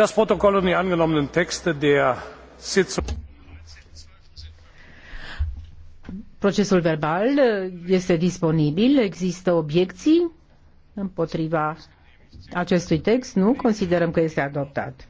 das protokoll und die angenommenen texte der sitzung Procesul verbal uh, este disponibil. Există obiecții împotriva acestui text? Nu? Considerăm că este adoptat.